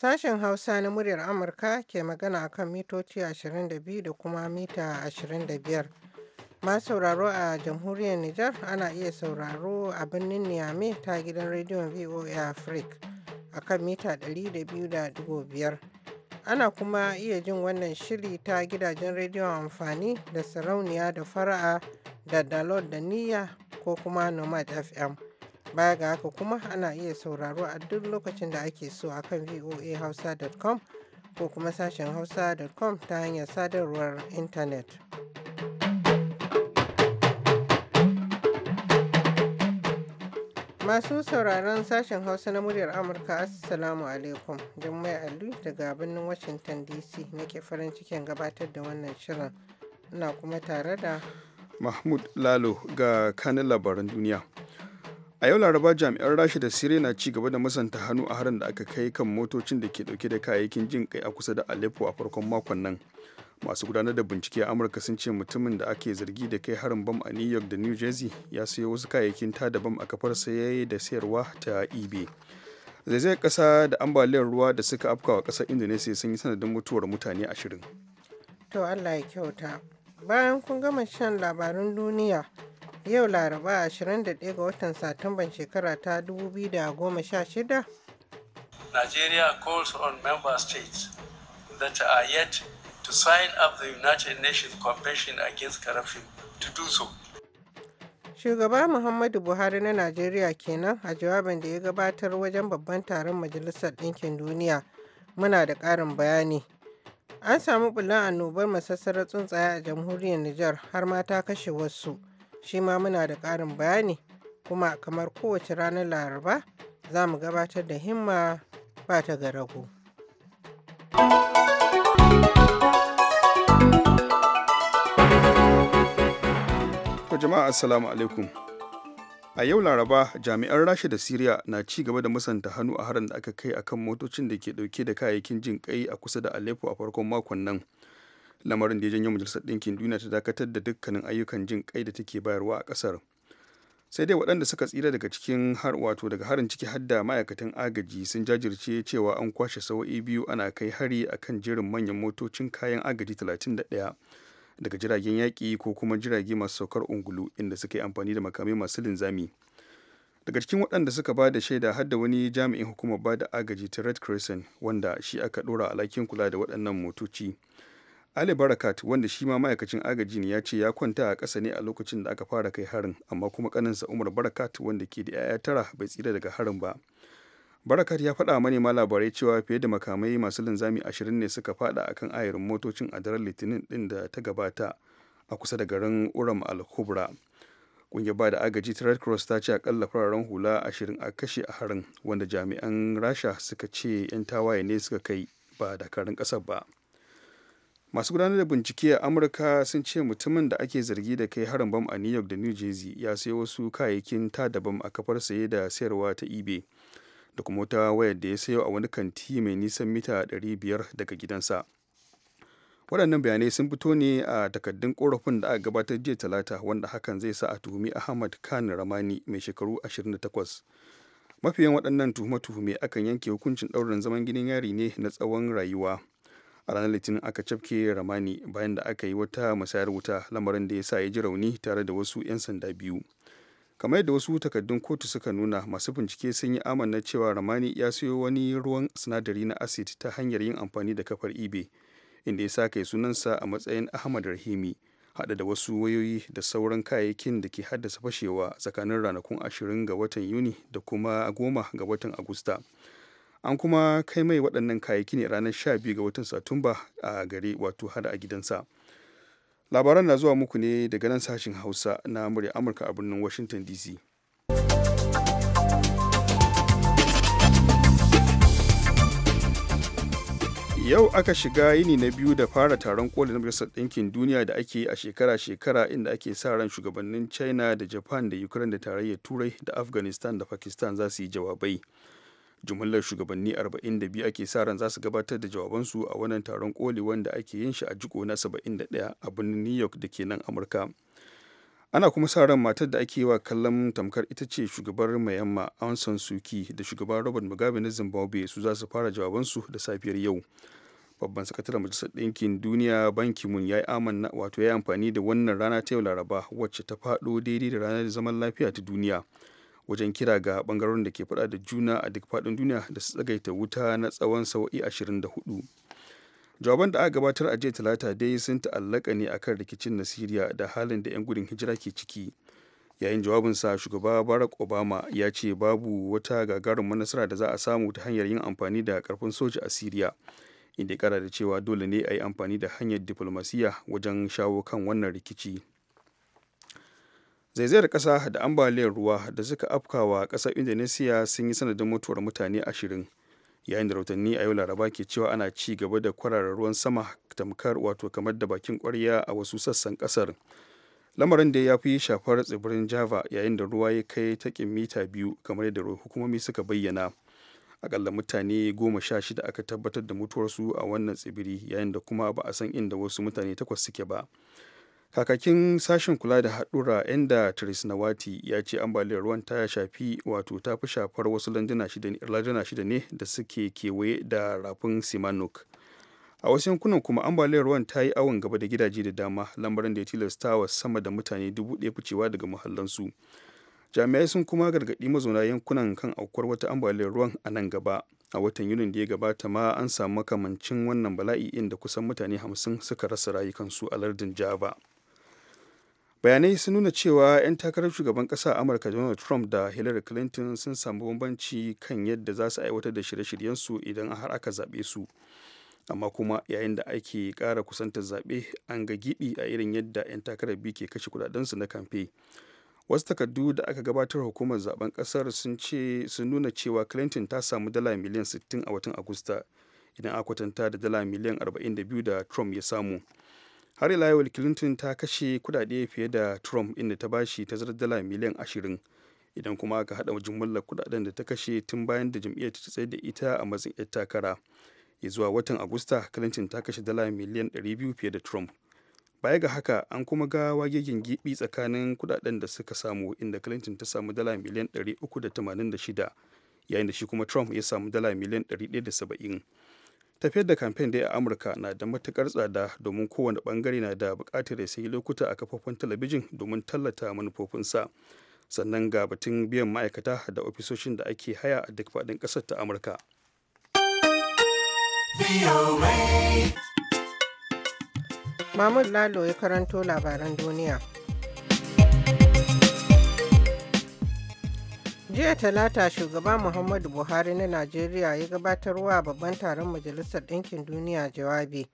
Sashen Hausa na muryar Amurka ke magana kan mitoci 22 da kuma mita 25. Ma sauraro a jamhuriyar Nijar ana iya sauraro a birnin Niamey ta gidan rediyon VOA Africa a kan mita 200.5. Ana kuma iya jin wannan shiri ta gidajen rediyon amfani da sarauniya da fara'a da dalot da niyya ko kuma nomad FM. Baya ga haka kuma ana iya sauraro a duk lokacin da ake so a kan voahausa.com ko kuma sashen hausa.com ta hanyar sadarwar intanet. Masu sauraron sashen Hausa na muryar Amurka Assalamu alaikum Jummai Ali daga birnin Washington DC nake farin cikin gabatar da wannan shirin. Ina kuma tare da Mahmud Lalo ga kanin labaran duniya. a yau laraba jami'an rasha da siriya na ci gaba da musanta hannu a harin da aka kai kan motocin da ke dauke da kayayyakin jin kai a kusa da aleppo a farkon makon nan masu gudanar da bincike a amurka sun ce mutumin da ake zargi da kai harin bam a new york da new jersey ya sayo wasu kayayyakin ta da bam a kafar sayayya da sayarwa ta ebay zaizayar kasa da ambaliyar ruwa da suka afka wa kasar indonesia sun yi sanadin mutuwar mutane ashirin to allah ya kyauta bayan kun gama shan labarun duniya Yau Laraba 21 ga watan Satumban shekara ta 2016. Nigeria calls on member states that are yet to sign up the United Nations Convention against Corruption to do so. Shugaba Muhammadu Buhari na Najeriya kenan a jawabin da ya gabatar wajen babban taron Majalisar Ɗinkin Duniya. Muna da ƙarin bayani. An samu bulan annobar masassarar tsuntsaye a jamhuriyar Nijar har ma ta kashe wasu. shi ma muna da ƙarin bayani kuma kamar kowace ranar laraba za mu gabatar da himma ba ta ga rago. jama'a assalamu alaikum a yau laraba jami'an rasha da siriya na ci gaba da musanta hannu a harin da aka kai akan motocin da ke dauke da kayayyakin jin kai a kusa da aleppo a farkon makon nan lamarin da ya janyo majalisar ɗinkin duniya ta dakatar da dukkanin ayyukan jin kai da take bayarwa a ƙasar sai dai waɗanda suka tsira daga cikin har wato daga harin ciki hadda ma'aikatan agaji sun jajirce cewa an kwashe sawa'i biyu ana kai hari akan jerin manyan motocin kayan agaji 31 daga jiragen yaƙi ko kuma jirage masu saukar ungulu inda suka yi amfani da makamai masu linzami daga cikin waɗanda suka ba da shaida har wani jami'in hukumar ba da agaji ta red crescent wanda shi aka ɗora alhakin kula da waɗannan motoci ali barakat wanda shi ma ma'aikacin agaji ne ya ce ya kwanta a ƙasa ne a lokacin da aka fara kai harin amma kuma ƙaninsa umar barakat wanda ke da 'ya'ya tara bai tsira daga harin ba barakat ya faɗa manema labarai cewa fiye da makamai masu linzami ashirin ne suka faɗa akan ayarin motocin a daren litinin ɗin da ta gabata a kusa da garin uram al-kubra kungiyar ba da agaji ta red cross ta ce akalla fararen hula ashirin a kashe a harin wanda jami'an rasha suka ce 'yan tawaye ne suka kai ba da karin ƙasar ba masu gudanar da bincike a amurka sun ce mutumin da ake zargi da kai harin bam a new york da new jersey ya sayo wasu kayayyakin ta bam a kafar saye da sayarwa ta ebay da kuma wata wayar da ya sayo a wani kanti mai nisan mita 500 daga gidansa waɗannan bayanai sun fito ne a takaddun korafin da aka gabatar jiya talata wanda hakan zai sa a tuhumi ahmad khan ramani mai shekaru 28 mafiyan waɗannan tuhume-tuhume akan yanke hukuncin ɗaurin zaman ginin yari ne na tsawon rayuwa a ranar litinin aka cafke ramani bayan da aka yi wata musayar wuta lamarin da ya sa ya ji rauni tare da wasu 'yan sanda biyu kamar yadda wasu takaddun kotu suka nuna masu bincike sun yi amanna cewa ramani ya siyo wani ruwan sinadari na acid ta hanyar yin amfani da kafar ebay inda ya sa yi sunansa a matsayin ahmad rahimi hada da wasu wayoyi da sauran kayayyakin da ke haddasa fashewa tsakanin ranakun 20 ga watan yuni da kuma 10 ga watan agusta an kuma kai mai waɗannan kayayyaki ne ranar 12 ga watan satumba a gare wato hada a gidansa labaran na zuwa muku ne daga nan sashen hausa na murya amurka a birnin washington dc yau aka shiga yini na biyu da fara taron koli na majalisar ɗinkin duniya da ake yi a shekara-shekara inda ake sa ran shugabannin china da japan da ukraine da tarayyar turai da afghanistan da pakistan za su yi jawabai jumlar shugabanni 42 ake sa ran za su gabatar da jawabansu a wannan taron koli wanda ake yin shi a jiko na 71 a birnin new york da ke nan amurka ana kuma sa ran matar da ake wa kallon tamkar ita ce shugabar mayamma aung suki da shugaban robert mugabe na zimbabwe su za su fara jawabansu da safiyar yau babban sakataren majalisar ɗinkin duniya banki mun ya yi amanna wato ya yi amfani da wannan rana ta yau laraba wacce ta faɗo daidai da ranar zaman lafiya ta duniya wajen kira ga bangarorin da ke fada da juna a duk faɗin duniya da su tsagaita wuta na tsawon sawa'i 24 jawaban da aka gabatar a jiya talata dai sun ta'allaka ne akan rikicin na siriya da halin da 'yan gudun hijira ke ciki yayin jawabinsa shugaba barack obama ya ce babu wata gagarin manasara da za a samu ta hanyar yin amfani da karfin soja a siriya inda kara da cewa dole ne a yi amfani da hanyar diflomasiya wajen shawo kan wannan rikici zaizayar kasa da ambaliyar ruwa da suka afkawa kasar indonesiya sun yi sanadin mutuwar mutane ashirin yayin da rautanni a yau laraba ke cewa ana ci gaba da kwararar ruwan sama tamkar wato kamar da bakin kwarya a wasu sassan kasar lamarin da ya fi shafar tsibirin java yayin da ruwa ya kai takin mita biyu kamar yadda hukumomi suka bayyana akalla mutane goma sha shida aka tabbatar da mutuwarsu a wannan tsibiri yayin da kuma ba a san inda wasu mutane takwas suke ba kakakin sashen kula da haɗura inda Theresa Nawati ya ce ambaliyar ruwan ta shafi wato ta fi shafar wasu landuna shida ne da suke kewaye da rafin Simanuk. A wasu yankunan kuma ambaliyar ruwan ta yi awon gaba da gidaje da dama lambarin da ya tilasta wa sama da mutane dubu ɗaya ficewa daga muhallansu. Jami'ai sun kuma gargaɗi mazauna yankunan kan aukuwar wata ambaliyar ruwan a nan gaba. A watan Yunin da ya gabata ma an samu makamancin wannan bala'i inda kusan mutane hamsin suka rasa rayukansu a lardin Java. bayanai sun nuna cewa 'yan takarar shugaban ƙasa amurka donald trump da hillary clinton sun samu bambanci kan yadda za su aiwatar da shirye-shiryensu idan har aka zaɓe su amma kuma yayin da ake kara kusantar zaɓe an ga giɓi a irin yadda 'yan takarar biyu ke kashe kudadensu na kamfe wasu takardu da aka gabatar hukumar zaben ƙasar sun ce sun nuna cewa clinton ta samu dala miliyan 60 a watan agusta idan aka kwatanta da dala miliyan 42 da trump ya samu har ila yau clinton ta kashe kudade fiye da trump inda ta bashi tazarar dala miliyan ashirin idan kuma aka hada jumlar kudaden da ta kashe tun bayan da jam'iyyar ta tsaye da ita a matsayin 'yar takara zuwa watan agusta clinton ta kashe dala miliyan 200 fiye da trump baya ga haka an kuma ga wagegen gibi tsakanin kudaden da suka samu inda clinton ta samu dala miliyan 386 yayin da shi kuma trump ya samu dala miliyan 170 tafiyar da kamfen dai a amurka na da matukar tsada domin kowane bangare na da bukatar ya sayi lokuta a kafofin talabijin domin tallata manufofinsa sannan ga batun biyan ma'aikata da ofisoshin da ake haya a duk faɗin ƙasar ta amurka Mahmud Lalo ya karanto labaran duniya. jiya talata shugaba muhammadu buhari na najeriya ya gabatarwa babban taron majalisar ɗinkin duniya jawabi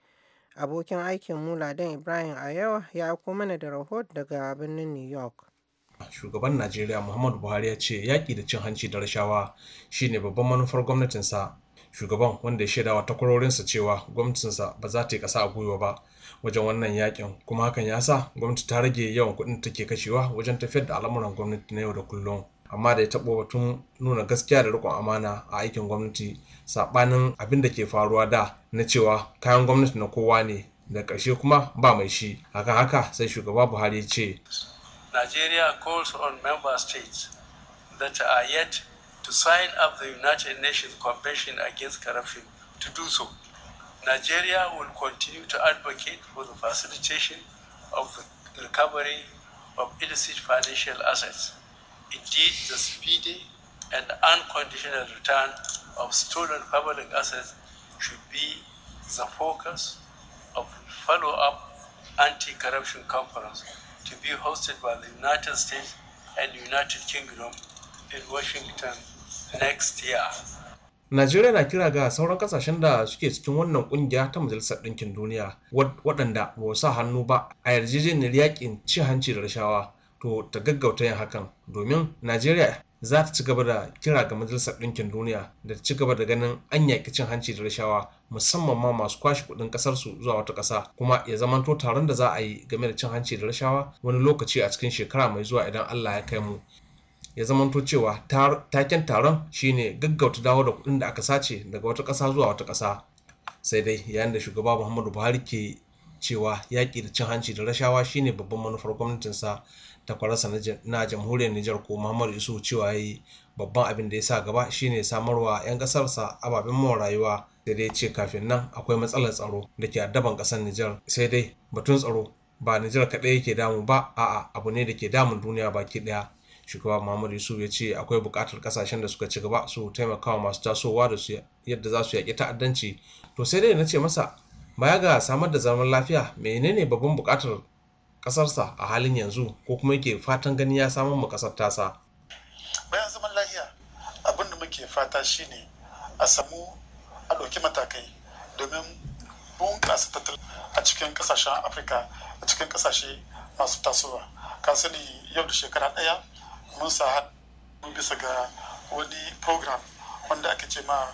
abokin aikin mula Dan ibrahim a yau ya ako mana da rahoto daga birnin new york shugaban najeriya muhammadu buhari ya ce yaƙi da cin hanci da rashawa shi ne babban manufar gwamnatinsa shugaban wanda ya shaidawa takwarorinsa cewa gwamnatinsa ba za ta yi ƙasa a gwiwa ba wajen wannan yakin kuma hakan ya sa gwamnati ta rage yawan kuɗin da take kashewa wajen tafiyar da al'amuran gwamnati na yau da kullum amma da ya taɓo batun nuna gaskiya da riƙon amana a aikin gwamnati saɓanin abin da ke faruwa da na cewa kayan gwamnati na kowa ne da ƙarshe kuma ba mai shi akan haka sai shugaba buhari ce nigeria calls on member states that are yet to sign up the united nations convention against corruption to do so nigeria will continue to advocate for the facilitation of the recovery of illicit financial assets Indeed, the speedy and unconditional return of stolen public assets should be the focus of follow-up anti-corruption conference to be hosted by the United States and United Kingdom in Washington next year. Najeriya na kira ga sauran kasashen da suke cikin wannan kungiya ta Majalisar Ɗinkin Duniya waɗanda ba sa hannu ba a yarjejeniyar yakin ci hanci da rashawa to ta gaggauta yin hakan domin najeriya za ta ci gaba da kira ga majalisar ɗinkin duniya da ta ci gaba da ganin an yaƙi cin hanci da rashawa musamman ma masu kwashe kuɗin ƙasarsu zuwa wata ƙasa kuma ya zamanto taron da za a yi game da cin hanci da rashawa wani lokaci a cikin shekara mai zuwa idan allah ya kai mu ya zamanto cewa taken taron shine gaggauta dawo da kuɗin da aka sace daga wata ƙasa zuwa wata ƙasa sai dai yayin da shugaba muhammadu buhari ke cewa yaƙi da cin hanci da rashawa shine babban manufar gwamnatinsa Ta takwararsa na jamhuriyar Nijar ko Muhammadu Isu cewa yi babban abin da ya sa gaba shine samarwa 'yan kasarsa ababen mawa rayuwa da dai ce kafin nan akwai matsalar tsaro da ke addaban kasar Nijar sai dai batun tsaro ba Nijar kaɗai yake damu ba a'a abu ne da ke damun duniya baki ɗaya shugaba Muhammadu Yusuf ya ce akwai buƙatar ƙasashen da suka ci gaba su taimakawa masu tasowa da su yadda za su yaƙi ta'addanci to sai dai na ce masa baya ga samar da zaman lafiya menene babban buƙatar ƙasarsa a halin yanzu ko kuma yake fatan gani ya samun ma kasar tasa bayan zaman lahiya abin da muke fata shine a samu a ɗauki matakai domin bunƙasa tattalin a cikin ƙasashen afirka a cikin ƙasashe masu tasowa ka sani yau da shekara ɗaya mun sa bisa ga wani program wanda ake ce ma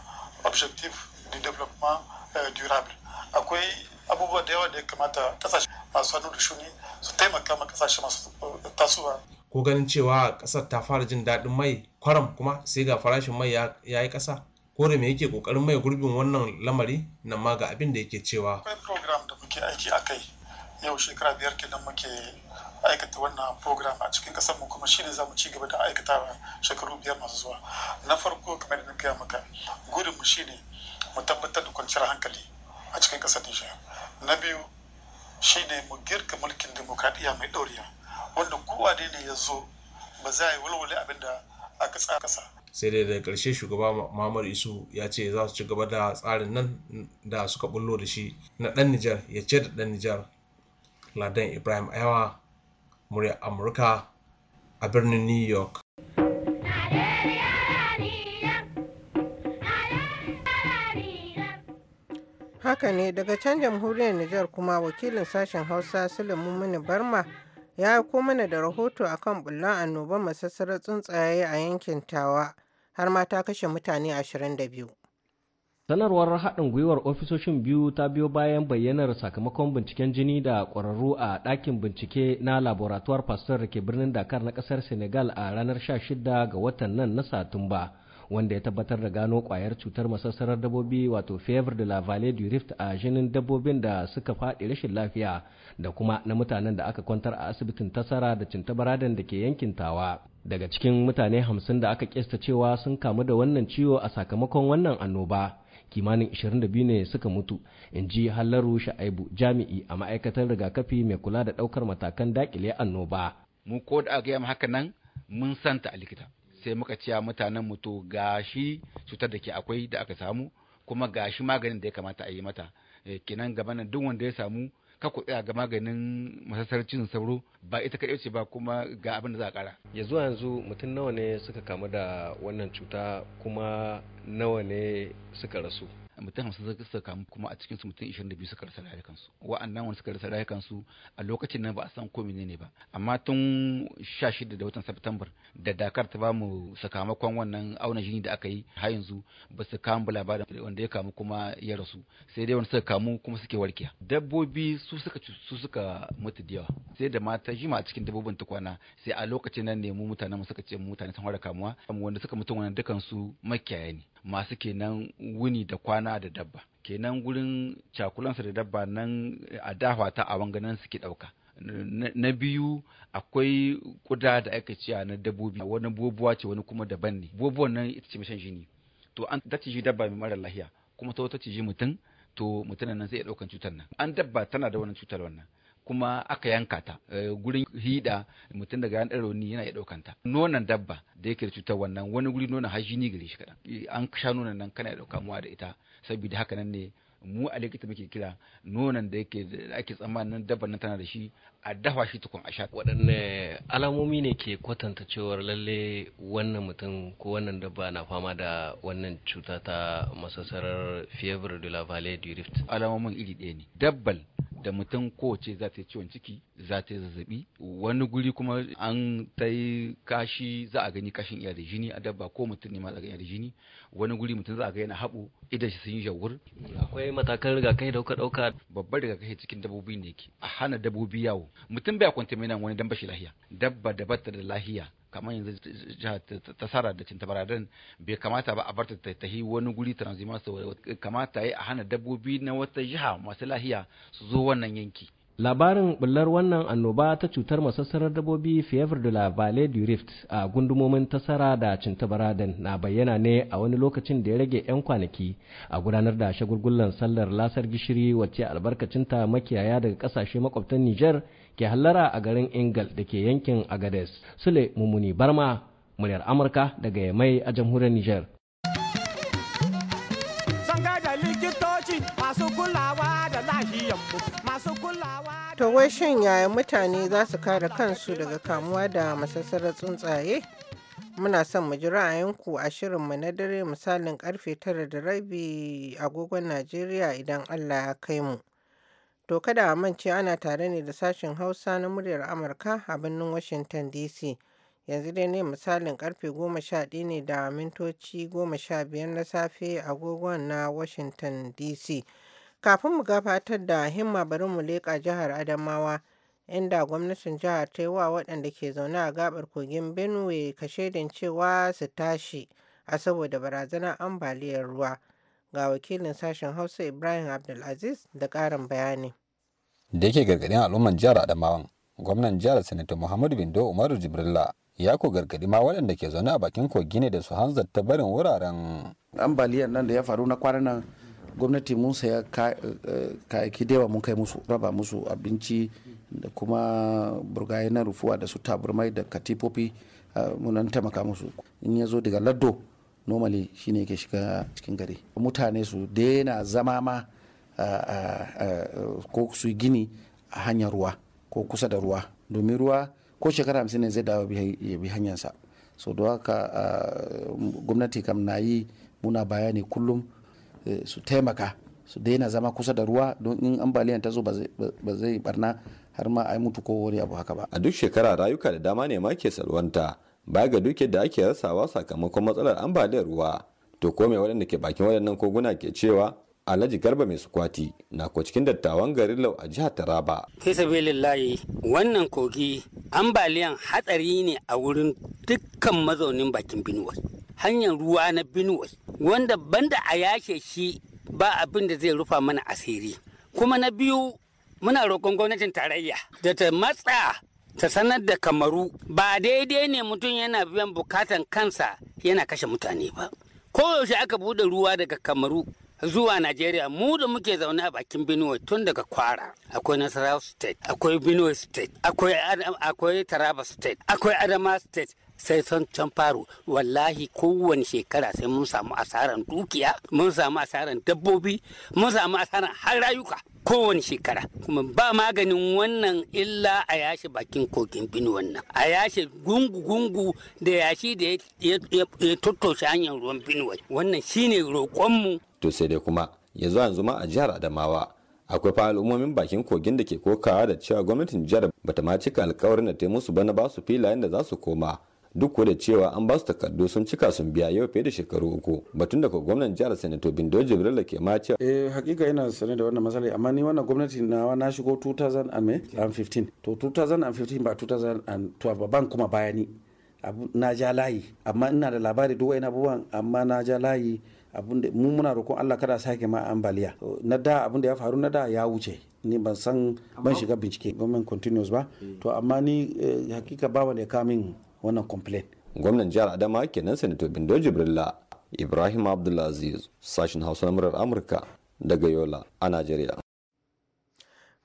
objective de development eh, durable akwai abubuwa da yawa da ya kamata kasashe masu hannu da shuni su taimaka ma kasashe masu tasowa ko ganin cewa kasar ta fara jin daɗin mai kwaram kuma sai ga farashin mai ya yi ƙasa ko da me yake kokarin mai gurbin wannan lamari nan ma ga abin da yake cewa akwai program da muke aiki a kai yau shekara biyar nan muke aikata wannan program a cikin kasar mu kuma shine zamu ci gaba da aikatawa shekaru biyar masu zuwa na farko kamar da na gaya maka gudunmu mu shine mu tabbatar da kwanciyar hankali a cikin kasar Nijar na biyu shi ne mu girka mulkin demokradiyya mai ɗoriya wanda kowa ne ne ya zo ba za a yi walwale abin da aka tsara kasa. sai dai daga ƙarshe shugaba mamar Isu ya ce za su ci gaba da tsarin nan da suka bullo da shi na ɗan Nijar ya ce da ɗan Nijar Ladan Ibrahim Ayawa murya Amurka a birnin New York. Haka ne daga can jamhuriyar Nijar kuma wakilin sashen Hausa sulemu Mini Barma ya aiko mana da rahoto akan bullon annoban masassarar tsuntsaye a yankin Tawa har ma ta kashe mutane 22. Sanarwar haɗin gwiwar ofisoshin biyu ta biyo bayan bayyanar sakamakon binciken jini da ƙwararru a ɗakin bincike na laboratoire Pasteur da ke birnin Dakar na ƙasar Senegal a ranar 16 ga watan nan na Satumba. wanda ya tabbatar da gano kwayar cutar masassarar dabbobi wato fevre de la vallée du rift a jinin dabbobin da suka faɗi rashin lafiya da kuma na mutanen da aka kwantar a asibitin tasara da cintabaradan da ke yankin tawa daga cikin mutane hamsin da aka kesta cewa sun kamu da wannan ciwo a sakamakon wannan annoba kimanin 22 ne suka mutu in ji hallaru sha'aibu jami'i a ma'aikatar rigakafi mai kula da ɗaukar matakan dakile annoba mu ko da aka yi haka nan mun santa a likita sai muka ciya mutanen mu to gashi cutar da ke akwai da aka samu kuma gashi maganin da ya kamata a yi mata eh, kenan gaba nan duk wanda ya samu ka ku tsaya ga maganin masasar cin sauro ba ita kaɗai ce ba kuma ga abin da za a ƙara. ya yanzu mutum nawa ne suka kamu da wannan cuta kuma nawa ne suka rasu. mutum hamsin suka kamu kuma a cikinsu mutum ishirin da biyu suka rasa rayukansu wa'annan wani suka rasa rayukansu a lokacin nan ba a san ko ne ba amma tun sha shida da watan september da dakar ta bamu sakamakon wannan auna jini da aka yi har yanzu ba su kamu labarin wanda ya kamu kuma ya rasu sai dai wani suka kamu kuma suke warkiya dabbobi su suka su suka mutu da yawa sai da mata jima a cikin dabbobin ta kwana sai a lokacin nan ne mu mutanen mu suka ce mu mutane sun fara kamuwa wanda suka mutu wannan dukansu makiyaya ne masu kenan wuni da kwana da dabba kenan gurin cakulansa da dabba nan a ta a wanganan suke ɗauka na biyu akwai kuda da aka ciya na dabbobi wani bobuwa ce wani kuma daban ne bobuwan nan ita ce mashan jini to an ta ciji dabba mai mara lahiya kuma ta wata ciji mutum to mutum nan zai iya ɗaukan cutar nan an dabba tana da wannan cutar wannan kuma aka yanka ta eh, gurin hida mutum daga yan rauni yana iya daukan ta nonon dabba da yake da cutar wannan wani guri nonon har ni gare shi kadan eh, an sha nonon nan kana dauka muwa da ita saboda haka nan ne mu a likita muke kira nonon da yake da ake tsammanin dabban nan tana da shi a dafa shi tukun a sha waɗanne alamomi ne ke kwatanta cewar lalle wannan mutum ko wannan dabba na fama da wannan cuta ta masasarar fever de la vallée du rift alamomin iri ɗaya ne dabbal da mutum kowace za ta yi ciwon ciki za ta yi zazzabi wani guri kuma an ta yi kashi za a gani kashin iya da jini a dabba ko mutum ne ma za a gani da jini wani guri mutum za a ga yana haɓo idan shi sun yi jawur akwai matakan rigakafi da kuka ɗauka babbar rigakafi cikin dabbobi ne ke a hana dabbobi yawo mutum bai kwanta mai wani dan bashi lahiya dabba da bata da lahiya kamar yanzu tasara da baradan bai kamata ba a barta ta tahi wani guri tranzima su kamata yi a hana dabbobi na wata jiha masu lahiya su zo wannan yanki labarin bullar wannan annoba ta cutar masassarar dabbobi fever de la vallée du rift a gundumomin tasara da baradan na bayyana ne a wani lokacin da ya rage 'yan kwanaki a gudanar da shagulgullan sallar lasar gishiri wacce albarkacinta makiyaya daga kasashe makwabtan niger ke hallara a garin Ingal da ke yankin Agades. Sule Mumuni Barma, muryar Amurka daga Yamai a jamhuriyar Nijar. To wai shan yaya mutane za su kare kansu daga kamuwa da masassarar tsuntsaye? Muna son mu ji ra'ayinku a shirin mu na dare misalin karfe tara da rabi agogon Najeriya idan Allah ya kai mu. To kada a mance ana tare ne da sashen Hausa na muryar Amurka a birnin Washington DC. Yanzu dai ne misalin karfe goma sha ɗaya ne da mintoci goma sha biyar na safe agogon na Washington DC. Kafin mu gabatar da himma bari mu leƙa jihar Adamawa inda gwamnatin jihar ta yi wa waɗanda ke zaune a gabar kogin Benue kashedin cewa su tashi a saboda barazanar ambaliyar ruwa. Ga wakilin sashen Hausa Ibrahim Abdulaziz da ƙarin bayani. da yake gargadin al'umman jihar adamawan gwamnan jihar sanata muhammadu bindo umaru jibrilla ya ko gargadi ma waɗanda ke zaune a bakin kogi ne da su hanzarta barin wuraren ambaliyar nan da ya faru na kwanan nan gwamnati mun saya eh, kayaki da yawa mun kai musu raba musu abinci da kuma burgaye na rufuwa da su taburmai da katifofi eh, munan taimaka musu in ya zo daga laddo normally shine yake shiga cikin gari mutane su daina zama ma ko su gini a hanyar ruwa ko kusa da ruwa domin ruwa ko shekara hamsin ne zai dawo ya bi hanyarsa so da haka gwamnati kam na yi muna bayani kullum e, su taimaka su daina zama kusa da ruwa don in ambaliyan ta zo ba zai barna har ma a yi mutu ko wani abu haka ba a duk shekara rayuka da dama ne ma ke salwanta baya ga duke da ake rasawa sakamakon matsalar ambaliyar ruwa to ko mai waɗanda ke bakin waɗannan koguna ke cewa Alhaji Garba mai sukwati na ko cikin dattawan garin Lau a jihar Taraba. Fisabilillahi wannan kogi ambaliyan hatsari ne a wurin dukkan mazaunin bakin Binuwa. Hanyar ruwa na Binuwa wanda banda a yashe shi ba abin da zai rufa mana asiri. Kuma na biyu muna roƙon gwamnatin tarayya da ta matsa ta sanar da kamaru ba daidai ne mutum yana biyan bukatan kansa yana kashe mutane ba. Koyaushe aka buɗe ruwa daga kamaru zuwa Najeriya mu da muke zaune a bakin Benue tun daga Kwara akwai Nasarawa State akwai Benue State akwai akwai Taraba State akwai Adama State sai son can faro wallahi kowane shekara sai mun samu asaran dukiya mun samu asaran dabbobi mun samu asaran har rayuka kowane shekara kuma ba maganin wannan illa a yashe bakin kogin bin wannan a yashe gungu-gungu da yashi da ya tattoshe hanyar ruwan bini wannan shine roƙonmu to sai dai kuma yanzu yanzu ma a jihar adamawa akwai fa al'ummomin bakin kogin da ke kokawa da cewa gwamnatin jihar bata ma cika alkawarin da ta musu ba na basu filayen da za su koma duk da cewa an ba su takardu sun cika sun biya yau fiye da shekaru uku batun da gwamnan jihar sanato bindo jibrila ke ma cewa eh hakika yana sane da wannan matsala amma ni wannan gwamnati na na shigo 2015 to 2015 ba 2012 ba ban kuma bayani na ja layi amma ina da labari duk wani abubuwan amma na ja layi abun da mu muna roƙon Allah kada sake ma ambaliya na da abun da ya faru na da ya wuce ni ban san ban shiga bincike ban continuous ba eh. to amma ni eh, hakika ba wanda ya kamin wannan complaint gwamnan jihar adama kenan sanito bindo jibrilla ibrahim abdulaziz sashin hausa na murar amurka daga yola a najeriya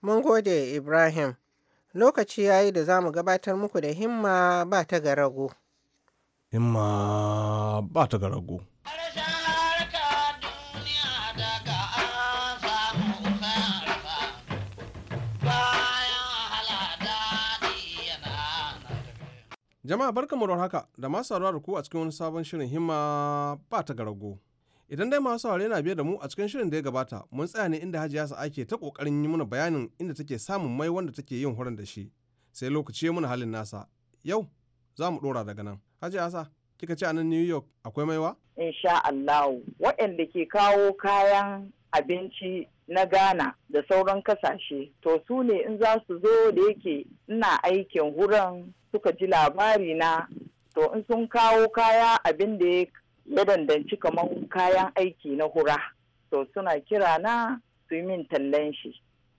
mun gode ibrahim lokaci ya yi da za mu gabatar muku da himma ba ta ga rago himma ba ta ga rago Jama'a barkanmu don haka da masu saurara da ku a cikin wani sabon shirin himma ba ta garago. Idan dai masu saurare na biye da mu a cikin shirin da ya gabata mun tsaya ne inda Hajiya ake ta kokarin yi mana bayanin inda take samun mai wanda take yin horon da shi. Sai lokaci ya muna halin nasa. Yau za mu dora daga nan. Hajiya sa kika ce a nan New York akwai maiwa? Insha Allah waɗanda ke kawo kayan abinci na Ghana da sauran kasashe to su ne in za su zo da yake ina aikin huran suka ji labari na to in sun kawo kaya abin da ya dandanci kamar kayan aiki na hura to suna kira na su yi min tallan shi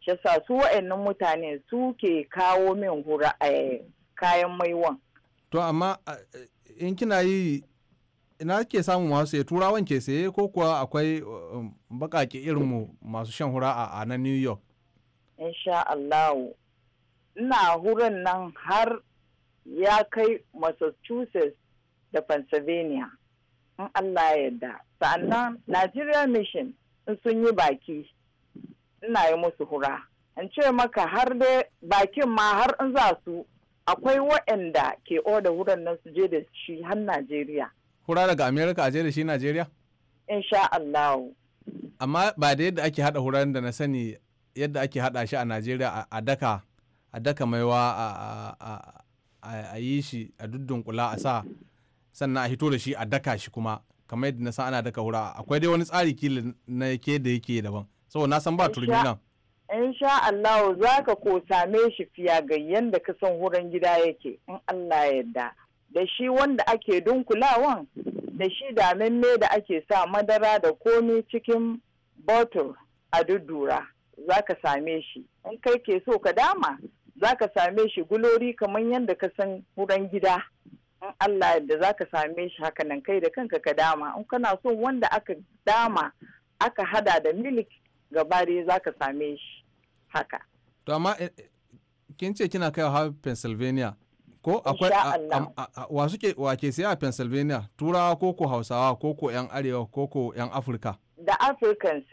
shasa su wa'annan mutane su ke kawo min hura a eh, kayan maiwan to amma in kina yi ina ke samu masu saye turawan ke saye ko kuwa akwai um, bakake mu masu shan hura a nan new york sha Allah ina hurin nan har ya kai massachusetts da pennsylvania in allah ya yarda sa'annan nigeria mission in sun yi baki ina yi musu hura in ce maka har dai bakin ma har in za su akwai waɗanda ke oda wurin nan su je da shi har najeriya hura daga america a je da shi najeriya insha allah amma ba da yadda ake hada huran da na sani yadda ake hada shi a najeriya a daka a daka maiwa a yi shi a kula a sa sannan a hito da shi a daka shi kuma kamar yadda na san ana daka hura akwai dai wani tsari kila na yake da yake daban saboda na san ba turmi nan in sha Allah za ka ko same shi fiya ga yadda ka san huran gida yake in Allah yadda da shi wanda ake dunkulawan da shi memme da ake sa madara da komi cikin bottle a duddura za ka same shi in kai ke so ka dama za ka same shi gulori kamar yadda ka san wurin gida in Allah da za ka same shi haka nan kai da kanka ka dama in kana so wanda aka dama aka hada da milik gabari za ka same shi haka to amma eh, eh, kin ce kina kai har Pennsylvania ko akwai wa suke wa ke siya a Pennsylvania turawa ko ko hausawa ko ko yan arewa ko ko yan Afirka da Africans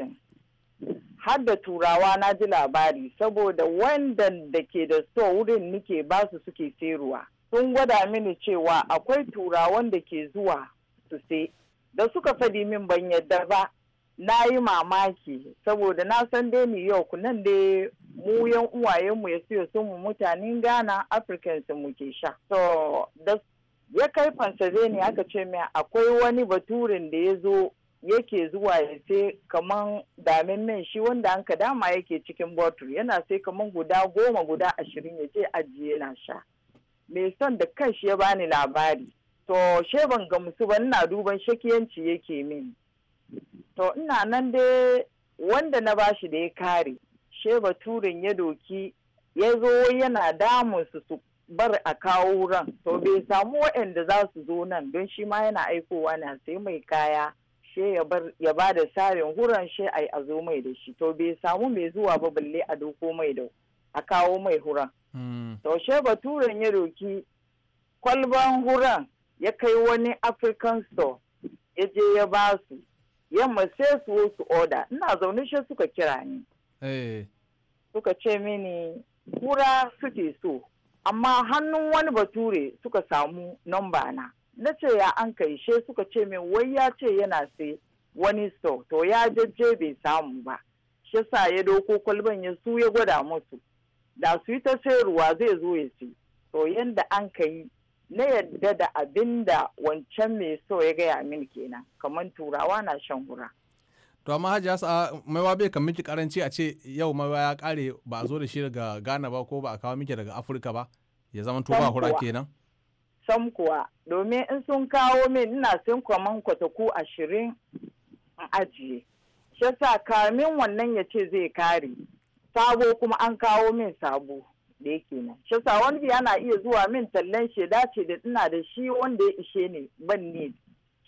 har da turawa na ji labari saboda wanda da ke da so wurin nike ba su suke seruwa sun gwada mini cewa akwai turawan da ke zuwa su se da suka fadi min ban yadda ba na yi mamaki saboda na san dai new york nan dai mu yan uwayenmu ya siya sun mu mutanen ghana africans mu ke sha so da ya kai pennsylvania aka ce mai akwai wani baturin da ya zo yake zuwa ya sai kaman damin shi wanda an ka dama yake cikin botul yana sai kaman guda goma guda ashirin ya je ajiye na sha mai son da kan shi ya bani labari to she ban gamsu ba ina duban shakiyanci yake min to ina nan dai wanda na bashi da ya kare sheba turin ya doki ya zo yana damun su su bar a kawo ran to bai samu waɗanda za su zo nan don shi ma yana aikowa na sai mai kaya she ya ba da sarin huran she a yi a zo mai da shi to bai samu mai zuwa ba balle a doko mai da a kawo mai huran hmm. to she baturen ya roki kwalban huran ya kai wani african store ya je ya ba su yamma sai su wasu oda ina zaune shi suka kira ni eh. suka ce mini hura suke so amma hannun wani bature suka samu namba na na ce ya an kai she suka ce min wai ya ce yana sai wani so to ya jajje bai samu ba shi sa ya doko kwalban ya su ya gwada musu da su yi ta sayarwa zai zo ya ci to yanda an kai na yadda da abin da wancan mai so ya gaya min kenan kamar turawa na shan hura. to amma hajji sa maiwa bai kan miki karanci a ce yau maiwa ya kare ba a zo da shi daga ghana ba ko ba a kawo miki daga afirka ba ya zama to ba hura kenan. sam kuwa domin in sun kawo min ina sun kwaman kwataku ashirin in ajiye shi sa kamin wannan ya ce zai kare sabo kuma an kawo min sabo da yake nan shi sa wani yana iya zuwa min tallan sheda ce da ina da shi wanda ya ishe ne ban ne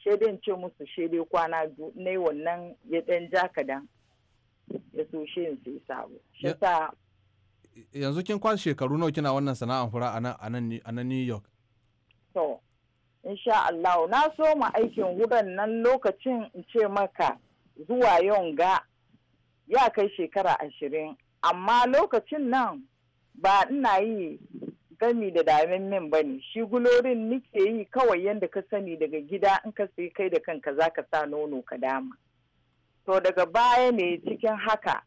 shaidan ce musu shaidai kwana biyu na yi wannan ya ɗan ja ya so shi in sai sabo shi sa yanzu kin kwashe shekaru nawa kina wannan sana'an fura a nan New York to insha Allah na so ma aikin wurin nan lokacin in ce maka zuwa ga ya kai shekara ashirin amma lokacin nan ba ina yi gami da damin min ba ne shi gulorin nike yi kawai yadda ka sani daga gida in ka sai kai da kanka za ka sa nono ka dama to daga baya ne cikin haka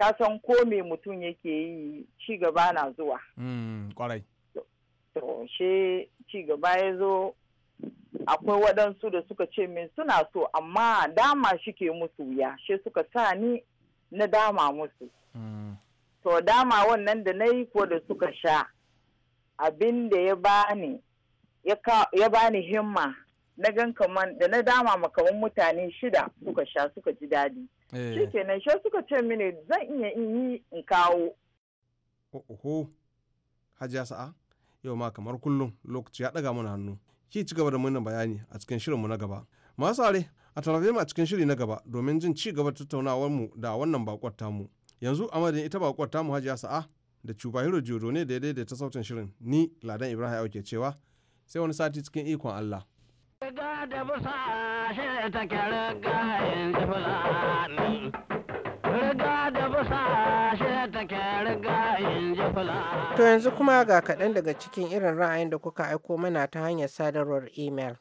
kasan san ko me mutum yake yi ci gaba na zuwa mm, kwarai to ci gaba ya zo akwai waɗansu da suka ce min suna so amma dama shi ke musu wuya shi suka sa ni na dama musu mm. to dama wannan da na yi ko da suka sha abin da ya bani ya bani himma na gan kaman da na dama makaman mutane shida suka sha suka ji daɗi eh. shi kenan shi suka ce mini zan iya in yi in kawo hajiya sa'a? yau ma kamar kullum lokaci ya ɗaga mana hannu ki ci gaba da mana bayani a cikin shirinmu na gaba masu are a tarafe mu a cikin shiri na gaba domin jin ci gaba tattaunawar mu da wannan bakwar tamu yanzu a madadin ita bakwar tamu hajiya sa'a da cuba hiro jodo ne da ya daidaita sautin shirin ni ladan ibrahim auke cewa sai wani sati cikin ikon allah Riga da busa shi ta To yanzu kuma ga kaɗan daga cikin irin ra'ayin da kuka aiko mana ta hanyar sadarwar imel.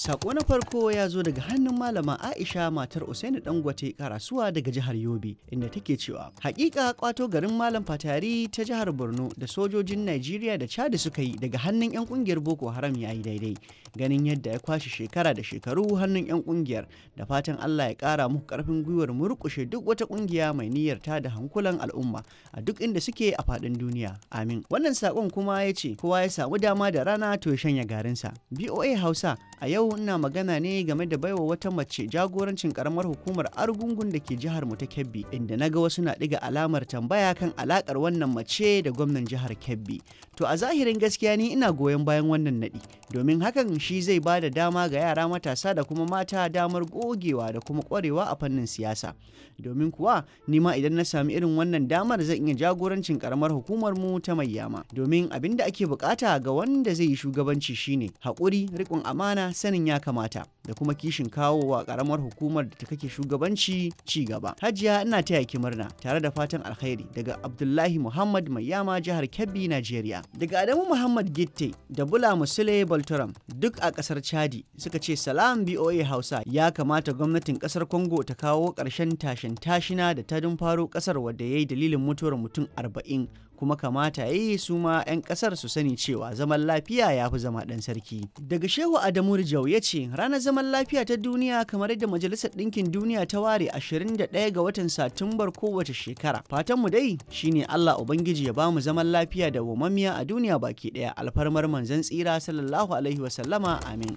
Sako na farko ya zo daga hannun malama Aisha matar Usaini Dangote karasuwa daga jihar Yobe inda take cewa hakika kwato garin Malam Fatari ta jihar Borno da sojojin Najeriya da Chad suka yi daga hannun 'yan kungiyar Boko Haram ya yi daidai ganin yadda ya kwashe shekara da shekaru hannun 'yan kungiyar da fatan Allah ya kara muku karfin gwiwar murkushe duk wata kungiya mai niyyar ta da hankulan al'umma a duk inda suke a fadin duniya amin wannan sakon kuma ya ce kowa ya samu dama da rana to ya shanya garinsa BOA Hausa a yau ina magana ne game da baiwa wata mace jagorancin karamar hukumar argungun da ke jihar mu ta Kebbi inda na ga wasu na ɗiga alamar tambaya kan alakar wannan mace da gwamnan jihar Kebbi. To a zahirin gaskiya ni ina goyon bayan wannan naɗi domin hakan shi zai ba da dama ga yara matasa da kuma mata damar gogewa da kuma kwarewa a fannin siyasa. Domin kuwa ni ma idan na sami irin wannan damar zan iya jagorancin karamar hukumar mu ta Mayyama domin abin da ake bukata ga wanda zai yi shugabanci shine haƙuri, riƙon amana, sanin sanin ya kamata da kuma kishin kawowa karamar hukumar da ta kake shugabanci ci gaba. Hajiya ina taya ki murna tare da fatan alkhairi daga Abdullahi Muhammad Mai Yama jihar Kebbi Nigeria. Daga Adamu Muhammad Gitte da Bula Musule Baltoram duk a kasar Chadi suka ce salam BOA Hausa ya kamata gwamnatin kasar Congo ta kawo ƙarshen tashin tashina da ta faro kasar wadda ya yi dalilin mutuwar mutum arba'in kuma kamata ya yi su ma 'yan kasar su sani cewa zaman lafiya ya fi zama ɗan sarki. Daga Shehu Adamu Rijau ya ce ranar zaman lafiya ta duniya kamar yadda Majalisar Ɗinkin Duniya ta ware 21 ga watan Satumbar kowace shekara. Fatanmu dai shine Allah Ubangiji ya bamu zaman lafiya da wamamiya a duniya baki ɗaya alfarmar manzon tsira sallallahu alaihi wasallama amin.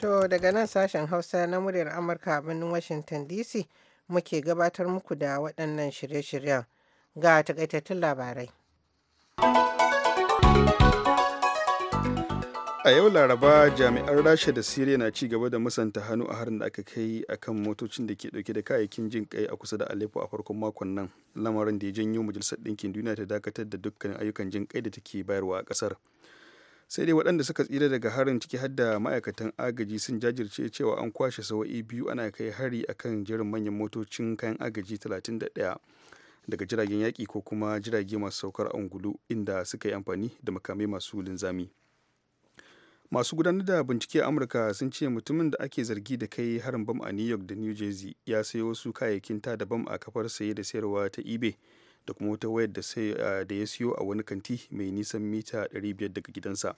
To daga nan sashen Hausa na muryar Amurka a birnin Washington DC. muke gabatar muku da waɗannan shirye-shiryen ga takaitattun labarai. a yau laraba jami'ar rasha da siriya na ci gaba da musanta hannu a harin da aka kai a kan motocin da ke dauke da kayayyakin jin kai a kusa da aleppo a farkon makon nan lamarin da ya janyo majalisar ɗinkin duniya ta dakatar da dukkanin ayyukan jin kai da take bayarwa a ƙasar. sai dai waɗanda suka tsira daga harin ciki har da ma'aikatan agaji sun jajirce cewa an kwashe sawa'i biyu ana kai hari akan jerin manyan motocin kayan agaji 31 daga jiragen yaƙi ko kuma jirage masu saukar angulu inda suka yi amfani da makamai masu linzami masu gudanar da bincike a amurka sun ce mutumin da ake zargi da kai harin bam a new york da new jersey ya sayo wasu kayayyakin ta da bam a kafar saye da sayarwa ta ebay da kuma wata wayar eh, da ya siyo a wani kanti mai nisan mita 500 daga gidansa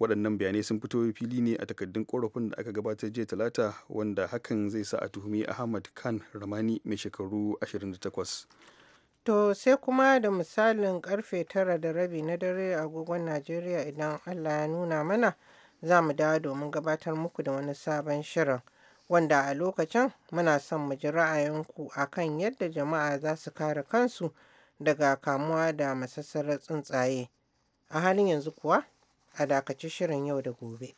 waɗannan bayanai sun fito fili ne a takardun korafin da aka gabatar jiya talata wanda hakan zai sa a tuhumi ahmad khan ramani mai shekaru 28 to sai kuma da misalin karfe tara da rabi na dare agogon najeriya idan allah ya nuna mana za mu dawo domin gabatar muku da wani sabon shirin wanda a lokacin muna son mu ji ra'ayinku a kan yadda jama'a za su kare kansu daga kamuwa da masassarar tsuntsaye. A halin yanzu kuwa, a dakaci shirin yau da gobe.